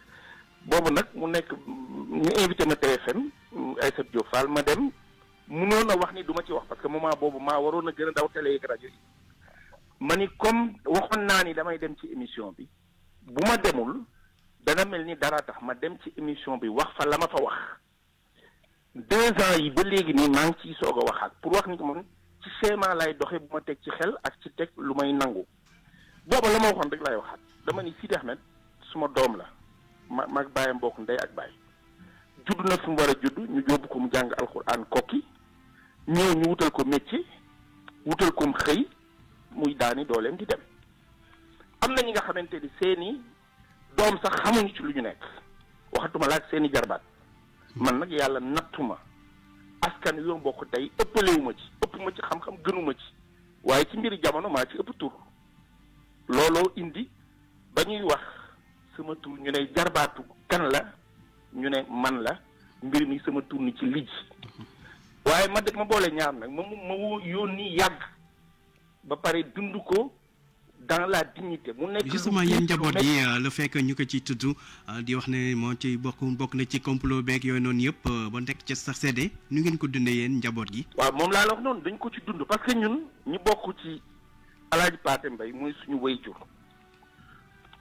boobu nag mu nekk ñu invité ma TFM Aïssatou Diop Fall ma dem munoon a wax ni duma ma ci wax parce que moment boobu maa waroon a gën a daw télé ak rajo yi ma ni comme waxoon naa ni damay dem ci émission bi bu ma demul dana mel ni dara tax ma dem ci émission bi wax fa la ma fa wax deux ans yi ba léegi nii maa ngi ciy soog a waxaat pour wax ni man ci schéma lay doxee bu ma teg ci xel ak ci teg lu may nangu booba la ma waxoon rek laay waxaat dama ni Sidi Ahmed suma doom la ma mag bàyyam bokk ndey ak bàyyi judd na fi mu war a judd ñu yóbbu ko mu jàng alxuraan kokki ñëw ñu wutal ko métier wutal ko mu xëy muy daani dooleem di dem am na ñi nga xamante ni seeni doom sax xamuñu ci lu ñu nekk waxatuma laaj seeni jarbaat man nag yàlla nattuma askan wi ma bokk tey ëppalewuma ci ëpp ma ci xam-xam gënuma ci waaye ci mbiri jamono maa ci ëpp tur looloo indi ba ñuy wax sama tur ñu ne jarbaatu kan la ñu ne man la mbir mi sama tur ni ci lij waaye ma de ma boole ñaar nag ma ma woo yoon ni yàgg ba pare dund ko dans la dignité mu nekk justement yéen njaboot yi euh, la fekk ñu ko ci tudd euh, di wax ne moo ci bokk bokk na ci complot beeg yooyu noonu yëpp euh, ba nekk ca sax sedde nu ngeen ko dundee yéen njaboot gi waaw moom laa la wax noonu dañ ko ci dund parce que ñun ñu bokk ci alaaji Paate Mbay mooy suñu wayjur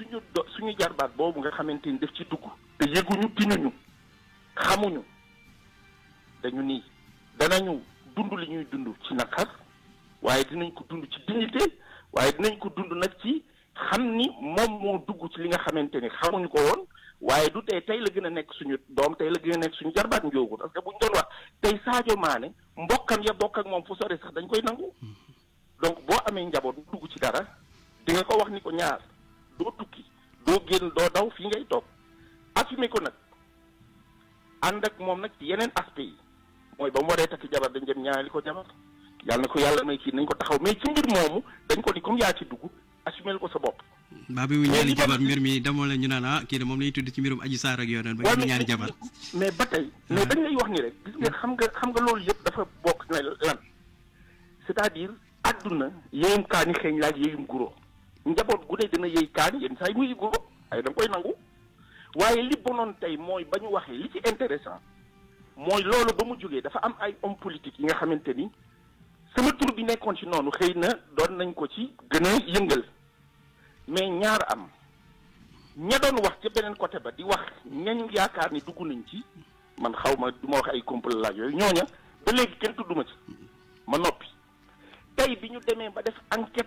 suñu do suñu jarbaat boobu nga xamante ni def ci dugg te yëguñu tinuñu xamuñu dañu nii danañu dund li ñuy dund ci naqar waaye dinañ ko dund ci dignité waaye dinañ ko dund nag ci xam ni moom moo dugg ci li nga xamante ni xamuñu ko woon waaye du tey tey la gën a nekk suñu doom tey la gën a nekk suñu jarbaat njoogu parce que buñ doon wax tey Sadio Mané mbokkam ya bokk ak moom fu sore sax dañ koy nangu mm-hmm. donc boo amee njaboot dugg ci dara di nga ko wax ni ko ñaar doo tukki doo génn doo daw fii ngay toog assumé ko nag ànd ak moom nag ci yeneen aspect yi mooy ba mu waree takk jabar dañ dem ñaanali ko jabar yàlla na ko yàlla may kii nañ ko taxaw mais ci mbir moomu dañ ko ni comme yaa ci dugg assumé ko sa bopp. baa bi mu ñaani jabar mbir mi demoo la ñu naan ah, kii de moom la ñuy tudd ci mbirum aji saar ak yoonal ba ñu mais ba tey ah. mais dañ wax ni rek gis nga xam nga xam nga loolu yëpp dafa bokk na lan c'est-à-dire àdduna yéyum kaa xeeñ laaj yéyum guro njaboot gu ne dina yëy kaan yenn saa yi mu yëgu ko ay da koy nangu waaye li bonoon tey mooy ba ñu waxee li ci intéressant mooy loolu ba mu jógee dafa am ay homme politique yi nga xamante ni sama tur bi nekkoon ci noonu xëy na doon nañ ko ci gën a yëngal mais ñaar am ña doon wax ca beneen côté ba di wax ñañ yaakaar ni dugg nañ ci man xaw ma du ma wax ay complot laaj yooyu ñooña ba léegi kenn tudduma ci ma noppi tey bi ñu demee ba def enquête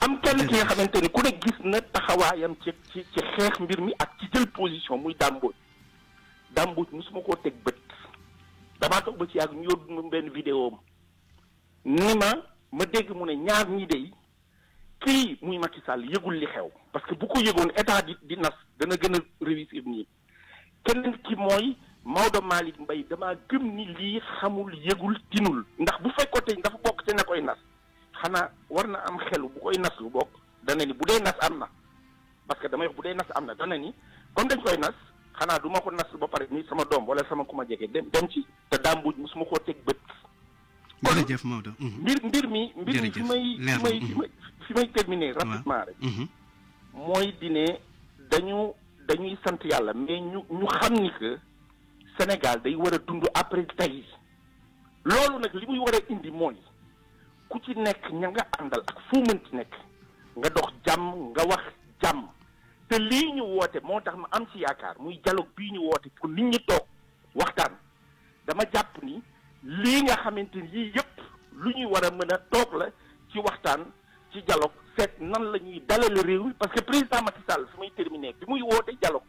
am kenn ki nga xamante ni ku ne gis na taxawaayam ci ci ci xeex mbir mi ak ci jël position muy dàmbooj dàmbooj mosuma ko teg bët dama toog ba ci ak ñu yóbbu benn benn vidéo ni ma ma dégg mu ne ñaar ñii de kii muy Macky Sall yëgul li xew parce que bu ko yëgoon état di di nas dana gën a réussir nii keneen ki mooy Maodo Malick mbay damaa gëm ni lii xamul yëgul tinul ndax bu fekkoon tey dafa bokk te ne koy nas xanaa war na am xelu bu koy nas lu bokk dana ni bu dee nas am na parce que dama wax bu dee nas am na dana ni comme dañ koy nas xanaa duma ko nas ba pare nii sama doom wala sama ku ma jege dem dem ci te daam buuj ma koo teg bët. jërëjëf Maodo mbir mhm. mbir mi mbir mi fi may fi may fi may terminer rapidement rek mhm. mooy dine dañu dañuy sant yàlla mais ñu ñu xam ni que Sénégal day war a dund après tey loolu nag li muy war a indi mooy ku ci nekk ña nga àndal ak foo mënti nekk nga dox jàmm nga wax jàmm te lii ñu woote moo tax ma am ci yaakaar muy dialogue bii ñu woote pour nit ñu toog waxtaan dama jàpp ni lii nga xamante ni yii yëpp lu ñuy war a mën a toog la ci waxtaan ci jaloog seet nan la ñuy dalale réew mi parce que président Macky Sall su may terminer bi muy woote dialogue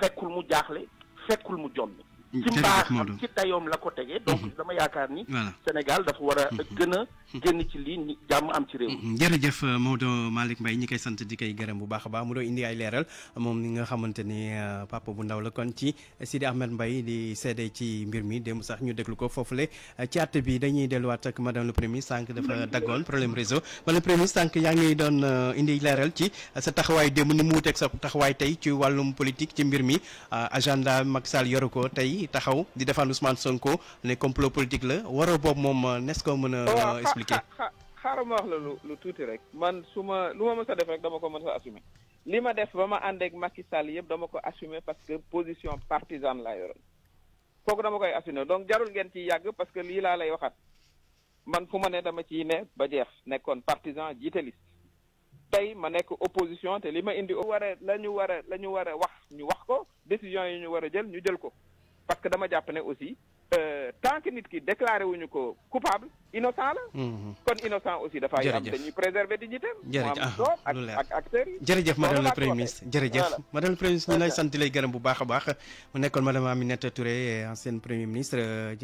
fekkul mu jaaxle fekkul mu jommi ci mbaaxam ci dayoom la ko tegee mhm. donc dama yaakaar ni Sénégal dafa war a mhm. gën a mhm. génn ci lii ni jàmm am ci réew mi jërëjëf euh, Maodo Malick ñi koy sant di koy gërëm bu baax a baax mu doon indi ay leeral moom ni nga xamante ni euh, papa bu ndaw la kon ci Sidi Ahmed mbay di seede ci mbir mi démb sax ñu déglu ko foofu foofule euh, ci àtte bi dañuy delluwaat ak madame le premier ministre sànq dafa daggoon problème réseau madame le premier ministre sànq yaa ngi doon indi leeral ci sa taxawaay démb ni mu wuteeg sa taxawaay tey ci wàllum politique ci mbir mi agenda Macky Sall yoru ko tey yi taxaw di defaan Ousmane Sonko ne complot politique la waroo boobu moom euh, nes ko mën a oh, ah, expliquer ah, ah, xaaral ma wax la lu tuuti rek man su ma lu ma mës a def rek dama ko mën a assumer li ma def ba ma àndeek makki Macky Sall yëpp dama ko assumer parce que position partisane laa yoroon kooku dama koy assumer donc jarul ngeen ci yàgg parce que lii laa lay waxaat man fu ma ne dama ciy ne ba jeex nekkoon partisan jiite liste tey ma nekk opposition te li ma indi war a la ñu war a la ñu war a wax ñu wax ko décision yi ñu war a jël ñu jël ko parce que dama jappene aussi euh, tant que nit ki déclaré coupable innocent la. Mhm. innocent aussi dafay am dañuy préserver dignité ah, madame la premier ministre madame la premier ministre lay sant lay gërëm bu mu madame Aminata Touré ancienne premier ministre euh,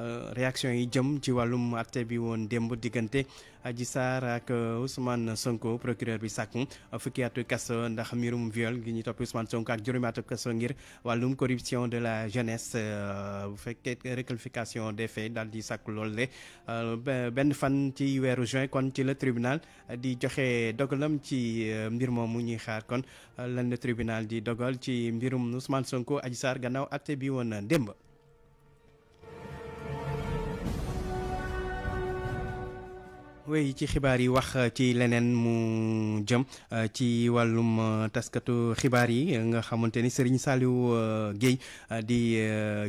euh, réaction yi jëm ci Walum acte bi won démb diggante que ak euh, Ousmane Sonko procureur bi sàkku euh, fukki atu kaso ndax mirum viol gi ñu topp Ousmane Sonko ak juróomi kasso ngir corruption de la jeunesse bu fekkee réqualification des faits dans di sàkku lolé Benfanti fan ci wéru juin kon ci le tribunal di joxé dogalam ci mbir moomu ñuy xaar kon lan la tribunal di dogal ci mbirum Ousmane Sonko Adji gana gannaaw atte bi won wéy ci xibaar yi wax euh, ci leneen mu jëm euh, ci wàllum euh, taskatu xibaar yi nga xamante ni Serigne Saliou Guèye di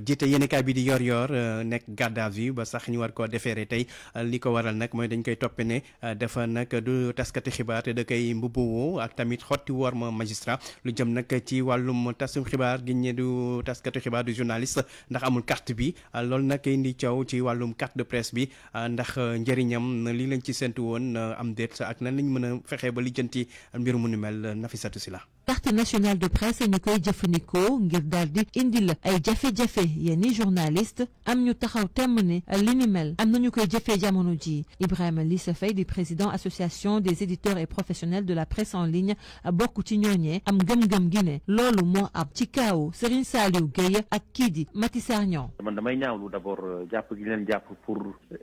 jiite yéenekaay bi di yor yor nekk garde à vue ba sax ñu war koo defeere tey li ko waral nag mooy dañ koy toppe ne defa nag du taskatu xibaar te da koy mbubboo ak tamit xotti woor ma magistrat lu jëm nag ci wàllum tasum xibaar gi ñe du taskatu xibaar du journaliste ndax amul carte bi loolu nag indi coow ci wàllum carte de presse bi ndax njëriñam ci séntu woon euh, am déet ak nan lañ mën a fexee ba lijjanti mbiru mu ni mel euh, si la carte nationale de presse ñu koy jëfandikoo ngir daldi di indi la ay jafé jafé yéni journaliste am ñu taxaw temm ne li ni mel am nañu koy jëfee jamono ji Ibrahima Lissa Faye di président association des éditeurs et professionnels de la presse en ligne bokku ci ñooñee am gëm-gëm gi né loolu mo ab ci kaaw Serigne Saliou Gueye ak kii di Mati Sarnion man damay ñaawlu d'abord euh, japp gi leen japp pour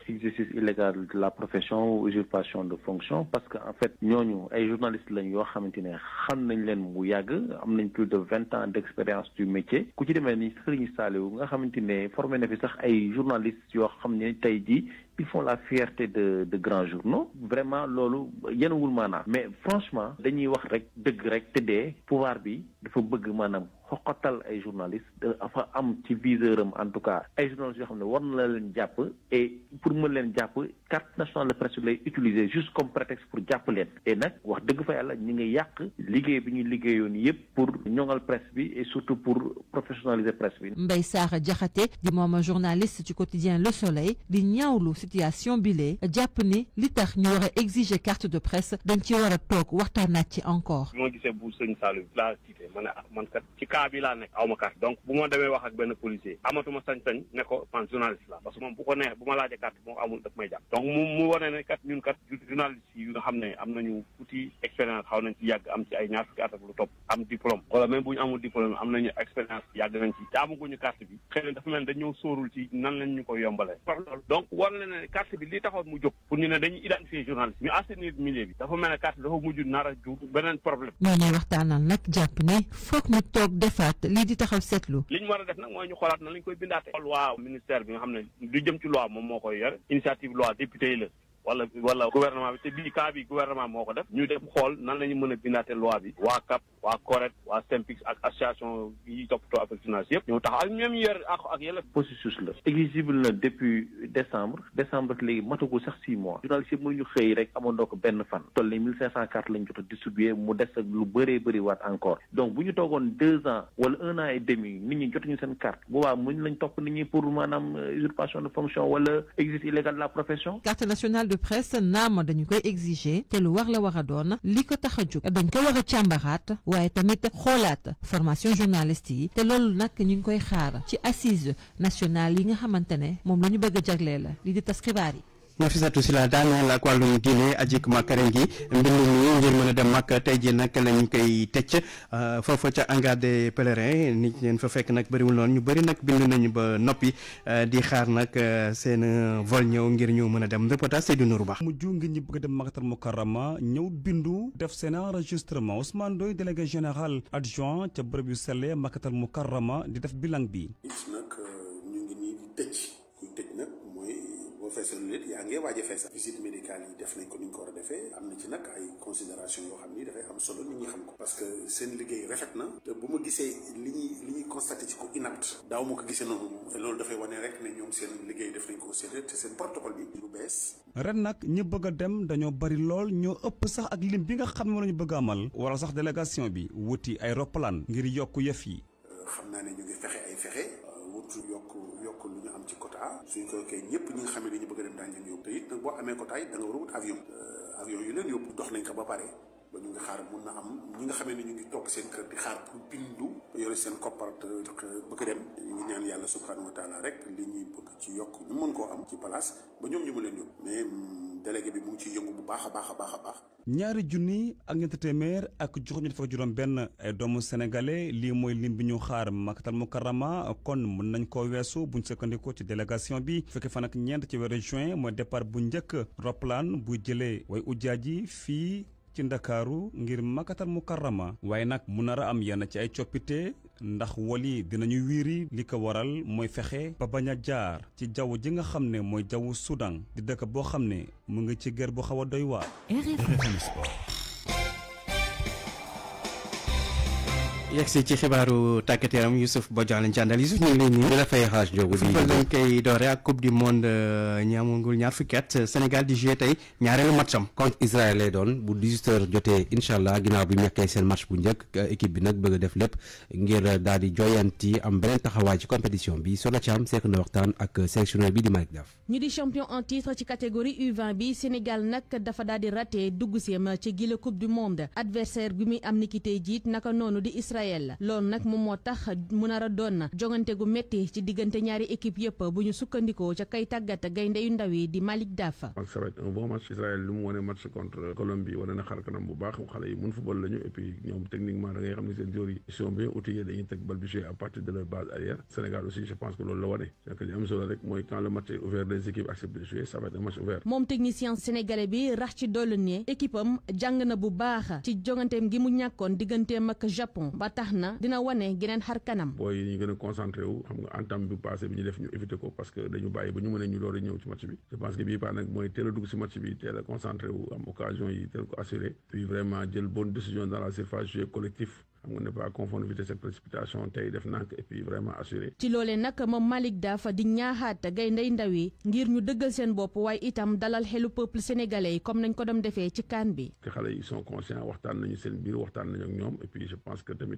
exercice illégal de la profession ou usurpation de fonction parce que en fait ñooñu ay journalistes lañ yo xamanténé xam nañ leen bu yàgg am nañ plus de vingt ans d'expérience du métier ku ci demee ni Serigne Saliou nga xamante ne formé na fi sax ay journalistes yoo xam ne tey jii ils font la fierté de de grands journaux vraiment loolu yenewul maanaam mais franchement dañuy wax rek dëgg rek te dee pouvoir bi dafa bëgg maanaam xoqatal ay journalistes dafa am ci viseur am en tout cas ay journalistes yoo xam ne war na leen jàpp et pour mën leen jàpp carte nationale de presse lay utiliser juste comme prétexte pour jàpp leen et nag wax dëgg fa yàlla ñu ngi yàq liggéey bi ñu liggéeyoon yépp pour ñoŋal presse bi et surtout pour professionnaliser presse bi. Mbaye Sarr Diakhaté di moom journaliste ci quotidien Le Soleil di ñaawlu situation bi bile jàpp ni li tax ñu war a exiger carte de presse dañ ci war a toog waxtaanaat ci encore. bi ma gisee bu sëñ Saloum laa tiitee man ah, man kat ci cas bi laa nekk aw ma carte donc bu ma am nañu tuuti expérience xaw nañ ci am ci ay ñaar fukki at ak lu topp am diplôme wala même bu ñu amul diplôme am nañu expérience yàgg nañ ci te amaguñu carte bi xëy na dafa mel ne dañoo sóorul ci nan lañ ñu ko yombalee par loolu donc war na ne carte bi li taxoon mu jóg pour ñu ne dañuy identifier journaliste ñu assainir milieu bi dafa mel ne carte dafa mujj nar a jur beneen problème defaat lii di taxaw seetlu li ñu war a def nag mooy ñu xolaat na lañ koy bindaate xool waaw ministère bi nga xam ne du jëm ci loi moom moo koy yore initiative loi député la wala wala gouvernement bi te bii cas bi gouvernement moo ko def ñu dem xool nan la ñu mën a bindaate loi bi waa CAP waa CORED waa SYNPICS ak association bi yi toppatoo affaire finance yëpp ñoo tax ak ñoom ñu yor ak ak yële processus la exigible na depuis décembre décembre ak léegi matagul sax six mois journaliste yëpp mënuñu xëy rek amoon ko benn fan toll ni mille cinq cent cartes lañ jot a distribuer mu des ak lu bëree bëri waat encore donc bu ñu toogoon deux ans wala un an et demi nit ñi jotuñu seen carte boobaa muñ lañ topp nit ñi pour maanaam euh, usurpation de fonction wala exercice illégal de la profession carte nationale de presse naam dañu koy exiger té lu war la wara a doon li ko tax a dañ ko wara waye tamit formation journaliste yi te loolu nag ñu koy xaar ci assise nationale yi nga xamantene ne moom ñu bëgg li di tas Nafissatou Sylla daaneel ak wàllum diine ajik makaren gi mbind mi ngir mën a dem mag tey ji nag lañu koy tecc euh, foofa ca hangar des pèlerins nit ñeen fa fekk nag bëriwul noonu ñu bëri nag bind nañu ba noppi euh, di xaar nag euh, seen vol ñëw ngir ñëw mën a dem reportage Seydou Nourou Ba mujj ngir ñu bëgg a dem Makkatal Mukarrama ñëw bindu def seen enregistrement Ousmane Doy délégué général adjoint ca bërëb yu selle Makkatal Mukarrama di def bilan bi feesal nit yaa ngi waaj a feesal visite médicale yi def nañ ko ni ñu ko war a defee am na ci nag ay considération yoo xam ni dafay am solo nit ñi xam ko parce seen liggéey rafet na te bu ma gisee li ñuy li ci ko inapte daaw ma ko gisee noonu loolu dafay wane rek ne ñoom seen liggéey def nañ ko seen protocole bi lu bees ren nag ñu bëgg dem dañoo bari lool ñoo ëpp sax ak lim bi nga xam ne moom la ñu bëgg a amal wala sax délégation bi wuti ay roppalaan ngir yokk yëf yi euh, xam naa ne euh, yokk ci quota suñ ko kay ñëpp ñu nga xam ni dañu bëgg a dem daañu leen yóbbu te it nag boo amee quota yi da nga war a wut avion euh, avion yu leen yóbbu dox nañ ko ba pare ba ñu ngi xaar mun na am ñi nga xamee ne ñu ngi toog seen kër di xaar pour bindu yore seen koppar bëgg dem ñu ngi naan yàlla subhanahu rek li ñuy bëgg ci yokk mm, bu baax a baax a baax ñaari junni ak ñetti téeméer ak juróom ñett fukk juróom benn ay doomu sénégalais lii mooy lim bi ñu xaar Makkatal Mukarrama kon mën nañ ko weesu buñ sëkkandikoo ci délégation bi fekk fan ak ñeent ci weeru juin mooy départ bu njëkk roplaan buy jëlee way ujjaaji ci ndakaaru ngir makatal mukarrama waaye nag mu nar a am yenn ci ay coppite ndax wali dinañu wiiri li ko waral mooy fexe ba bañ a jaar ci jaww ji nga xam ne mooy jawwu Soudan di dëkk boo xam ne mu ngi ci guerre bu xaw a doy waar yegsi ci xibaaru tàggat yaram Youssouf Bodian ci àndal Youssouf ñu ngi lay nuyu. di la fay xaaj Diop di football lañ koy doore ak coupe du monde euh, ñi amagul ñaar fukki Sénégal di joué tey ñaareelu matcham. contre bu 18h jotee incha allah ginnaaw bi mu ñàkkee seen match bu njëkk euh, équipe bi nag bëgg a def lépp ngir euh, daal di am beneen taxawaay ci compétition bi Soxna Thiam seq na waxtaan ak sélectionneur bi di Malick Daf. ñu di champion en titre ci catégorie bi Sénégal nag dafa daal di raté dugg seem ci gile coupe Israël la loolu nag moom moo tax mu nar a doon na jongante gu métti ci diggante ñaari équipe yëpp bu ñu sukkandikoo ca kay tàggat gaynde yu ndaw di Malick Dafa. ça va mu wane match contre Colombie wane na xar bu baax xale yi mun football lañu et ñoom techniquement da xam ne seen joueurs yi sont bien outillés dañuy teg bal bi à de leur base arrière Sénégal aussi je pense que loolu la wane c'est li am solo rek mooy quand le match ouvert les équipes ba na dina wane geneen tey def nank et puis vraiment assuré ci loolee nag moom Malick dafa di ñaaxaat gayndey ndaw ngir ñu dëggal seen bopp waaye itam dalal xelu peuple sénégalais yi comme ko doon defee ci kaan bi xale yi sont conscients waxtaan nañu seen biir waxtaan nañu ak ñoom et puis je que tamit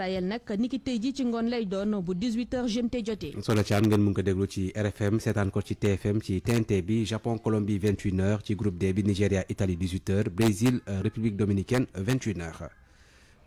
Israël nag niki tey ji ci ngoon lay doon bu 18h GMT jotee. Soxna Thiam ngeen mun ko déglu ci RFM seetaan ko ci TFM ci TNT bi Japon Colombie 21h ci groupe D bi Nigéria Italie 18h Brésil euh, République dominicaine 21h.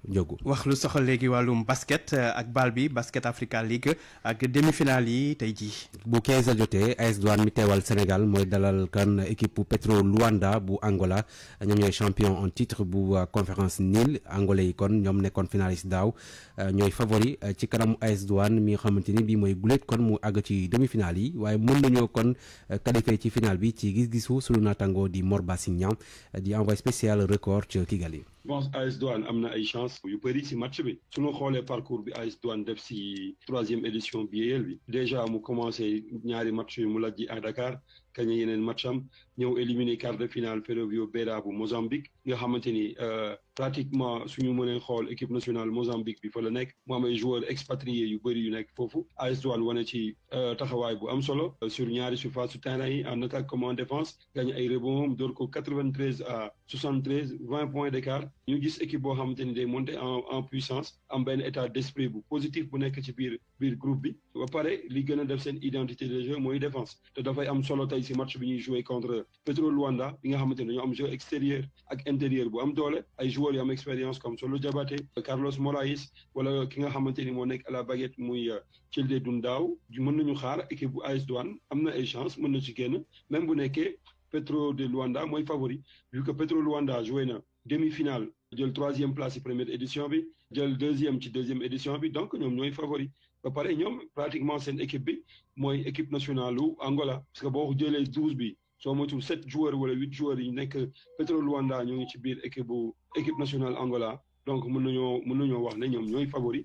jógu wax lu soxal léegi walum basket euh, ak bal bi basket Africa League ak demi-finale yi tay ji. bu 15h jotee AS Douane mi teewal Sénégal moy dalal kan équipe Petro Luanda bu Angola ñoom champion en titre bu euh, conférence nil Angola yi kon ñom nekkoon finaliste daw euh, ñooy favori euh, ci kanam AS Douane mi nga xamante ni bii mooy guléet kon mu àgg ci demi-finale yi waaye mën nañoo kon euh, qualifier ci finale bi ci gis-gisu sunu naataango di Morba Bassine di envoyé spécial record ci Kigali. je pense AS Douane am na ay chance yu bëri ci match bi suñu xoolee parcours bi AS Douane def si troisième édition biyeeyal bi déjà mu commencé ñaari match yi mu lajji à Dakar gagné yeneen matcham ñëw éliminé quart de finale Ferrovio Beira bu Mozambique nga xamante euh, pratiquement suñu mënee xool équipe nationale Mozambique bi fa la nekk mu am ay joueurs expatriés yu bëri nekk foofu AS Douanes wane ci euh, taxawaay bu am solo euh, sur ñaari surface su terrain yi en attaque comme en défense gagné ay rebonds door ko 93 à 73 20 points d'écart ñu gis équipe boo xamante ni day en en puissance am benn état d'esprit bu positif bu nekk ci biir biir groupe bi ba pare li gën a def seen identité de jeu mooy défense te dafay am solo tey si match bi ñuy jouer contre Petro Luanda bi nga xamante ne dañoo am jeu extérieur ak intérieur bu am doole ay joueurs yu am expérience comme Solo Diabaté Carlos Morais wala ki nga xamante ni moo nekk à la baguette muy euh, Tchelde Doundaw mën nañu xaar équipe bu AS Douane am na ay chance mën na ci génn même bu nekkee Petro de Luanda mooy favori vu que Petro Luanda joué na demi-finale jël troisième place ci première édition bi jël deuxième ci deuxième édition bi donc ñoom ñooy favori ba pare ñoom pratiquement seen équipe bi mooy équipe nationale lu Angola parce que boo jëlee douze bi soo moytuwul sept joueurs wala huit joueurs yi nekk Petro Luanda ñoo ngi ci biir équipe bu équipe nationale Angola donc nous nañoo mën nañoo wax ne ñoom ñooy favori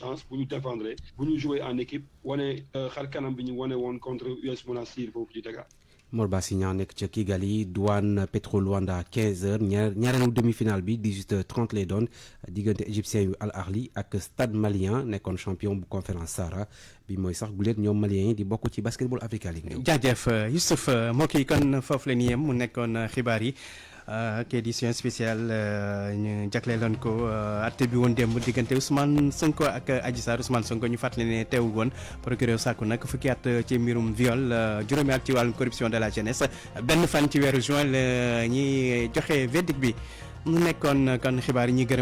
chance bu nous défendre bu ñu jouer en équipe wane euh, xar kanam bi ñu wane woon contre US Monastir foofu ci Dakar Mor Bassignan nekk ca Kigali douane Petro Luanda 15h ñaar ñaareelu demi-finale bi 18h30 lay doon diggante égyptien yu Al Ahli ak stade malien nekkoon champion bu conférence Sahara bi mooy sax guléet ñoom malien yi di bokk ci basketball Africa League. jaajëf Youssouf mbokk yi kon foofu la ñu yem mu nekkoon xibaar yi. Euh, kii di édition spéciale euh, ñu jagleeloon ko euh, atte bi woon démb diggante Ousmane Sonko ak Adji Sarr Ousmane Sonko ñu fàttali ne teewul woon procureur sàkku nag fukki at ci mbirum viol juróomi at ci wàllum corruption de la jeunesse benn fan ci weeru juin la ñuy joxe verdict bi mu nekkoon kon xibaar yi ñuy gërëm